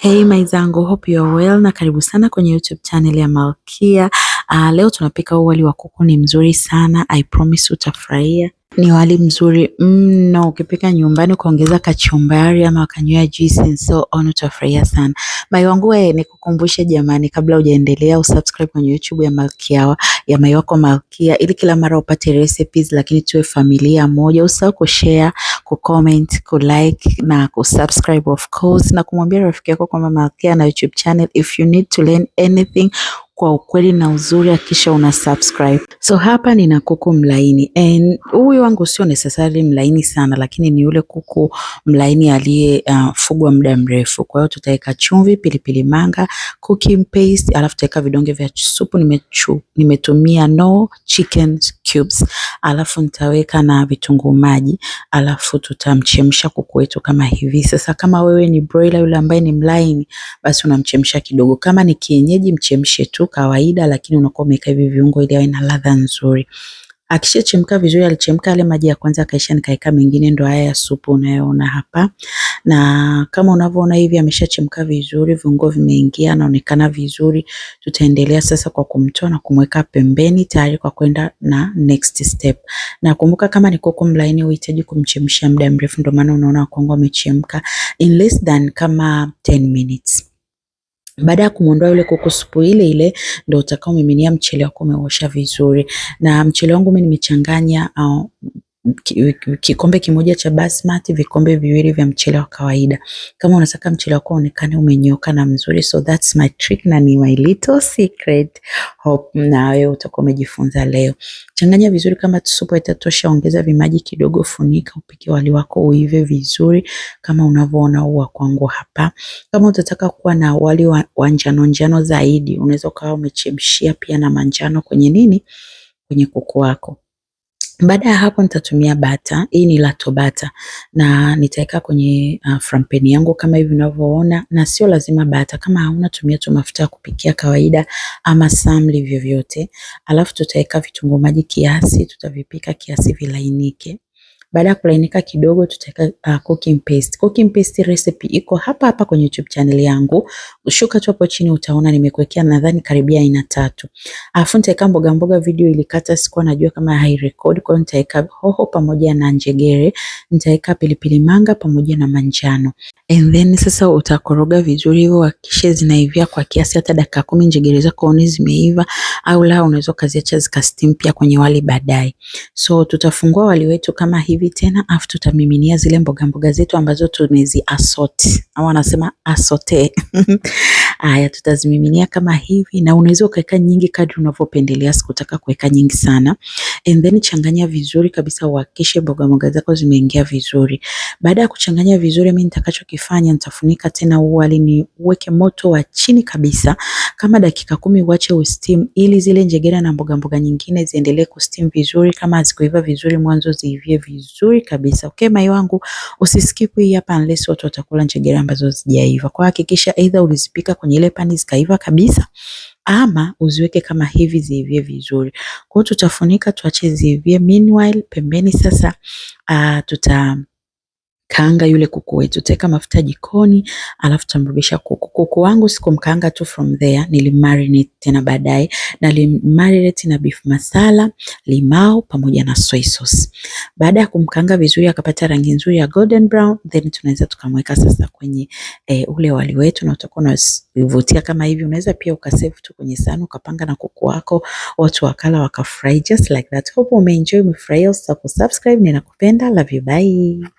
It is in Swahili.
Hey zangu, hope you are well na karibu sana kwenye YouTube channel ya Malkia. Uh, leo tunapika wali wa kuku, ni mzuri sana I promise utafurahia ni wali mzuri mno mm, ukipika nyumbani ukaongeza kachumbari ama ukanywa juice and so on utafurahia sana. wewe, nikukumbushe jamani, kabla hujaendelea usubscribe kwenye YouTube ya Malkia ya wako Malkia ili kila mara upate recipes, lakini tuwe familia moja. Usahau kushare, kucomment, kulike na kusubscribe of course, na kumwambia rafiki yako kwamba Malkia na YouTube channel if you need to learn anything kwa ukweli na uzuri, akisha una subscribe. So hapa nina kuku mlaini and huyu wangu sio necessarily mlaini sana, lakini ni yule kuku mlaini aliyefugwa uh, muda mrefu. Kwa hiyo tutaweka chumvi, pilipili manga, cooking paste, alafu tutaweka vidonge vya supu. Nimechu, nimetumia no chicken cubes, alafu nitaweka na vitunguu maji, alafu tutamchemsha kuku wetu kama hivi. Sasa kama wewe ni broiler yule ambaye ni mlaini, basi unamchemsha kidogo. Kama ni kienyeji, mchemshe tu kawaida, lakini unakuwa umeweka hivi viungo ili awe na ladha nzuri. Akishachemka vizuri, alichemka yale maji ya kwanza akaisha, nikaweka mengine, ndo haya ya supu unayoona hapa. Na kama unavyoona hivi, ameshachemka vizuri, viungo vimeingia, anaonekana vizuri. Tutaendelea sasa kwa kumtoa na kumweka pembeni, tayari kwa kwenda na next step. Na kumbuka, kama ni kuku mlaini, uhitaji kumchemsha muda mrefu, ndio maana unaona kwangu amechemka in less than kama 10 minutes. Baada ya kumwondoa yule kuku, supu ile ile ndio utakao miminia mchele wako umeosha vizuri, na mchele wangu mimi nimechanganya uh, kikombe kimoja cha basmati, vikombe viwili vya mchele wa kawaida. Kama unataka mchele wako uonekane umenyoka na mzuri, so that's my trick na ni my little secret. Hope na wewe utakuwa umejifunza leo. Changanya vizuri, kama supu itatosha ongeza vimaji kidogo, funika, upike wali wako uive vizuri kama unavyoona huu wa kwangu hapa. Kama utataka kuwa na wali wa, wa njano njano zaidi, unaweza ukawa umechemshia pia na manjano kwenye nini, kwenye kuku wako. Baada ya hapo nitatumia bata, hii ni Lato bata na nitaweka kwenye uh, frampeni yangu kama hivi unavyoona, na sio lazima bata, kama hauna tumia tu mafuta ya kupikia kawaida ama samli vyovyote. Alafu tutaweka vitunguu maji kiasi, tutavipika kiasi vilainike. Baada ya kulainika kidogo, tutaweka uh, cooking paste. Cooking paste recipe iko hapa hapa kwenye YouTube channel yangu, shuka tu hapo chini utaona nimekuwekea, nadhani karibia aina tatu. Alafu nitaweka mboga mboga, video ilikata, sikuwa najua kama hai record, kwa hiyo nitaweka hoho pamoja na njegere, nitaweka pilipili manga pamoja na manjano. And then sasa utakoroga vizuri hivyo, hakikisha zinaivia kwa kiasi, hata dakika kumi njegere zako uone zimeiva, au la unaweza ukaziacha zikastim pia kwenye wali baadaye. So tutafungua wali wetu kama hivi hivi tena, afu tutamiminia zile mboga mboga zetu ambazo tumezi assorti au wanasema assorte Haya, tutazimiminia kama hivi, na unaweza ukaweka nyingi kadri unavyopendelea. Sikutaka kuweka nyingi sana, and then changanya vizuri kabisa, uhakikishe mboga mboga zako zimeingia vizuri. Baada ya kuchanganya vizuri, mimi nitakachokifanya nitafunika tena wali, niweke moto wa chini kabisa kama dakika kumi, uache usteam ili zile njegera na mboga mboga nyingine ziendelee kusteam vizuri. Kama hazikuiva vizuri mwanzo, ziivie vizuri kabisa. Okay mai wangu, usiskip hii hapa unless watu watakula njegera ambazo zijaiva. Kwa hakikisha either ulizipika kwenye kwenye ile pani zikaiva kabisa, ama uziweke kama hivi ziivie vizuri. Kwa hiyo tutafunika tuache ziivie. Meanwhile pembeni sasa uh, tuta Kaanga yule kuku wetu, teka mafuta jikoni, alafu tamrudisha kuku. Kuku wangu sikumkaanga tu from there, nilimarinate tena baadaye, na nilimarinate na beef masala, limau pamoja na soy sauce. Baada ya kumkaanga vizuri, akapata rangi nzuri ya golden brown, then tunaweza tukamweka sasa kwenye e, ule wali wetu, na utakuwa unavutia kama hivi. Unaweza pia ukasave tu kwenye sahani ukapanga na kuku wako, watu wakala wakafurahi, just like that. Hope umeenjoy, umefurahia. Usisahau kusubscribe, ninakupenda, love you, bye.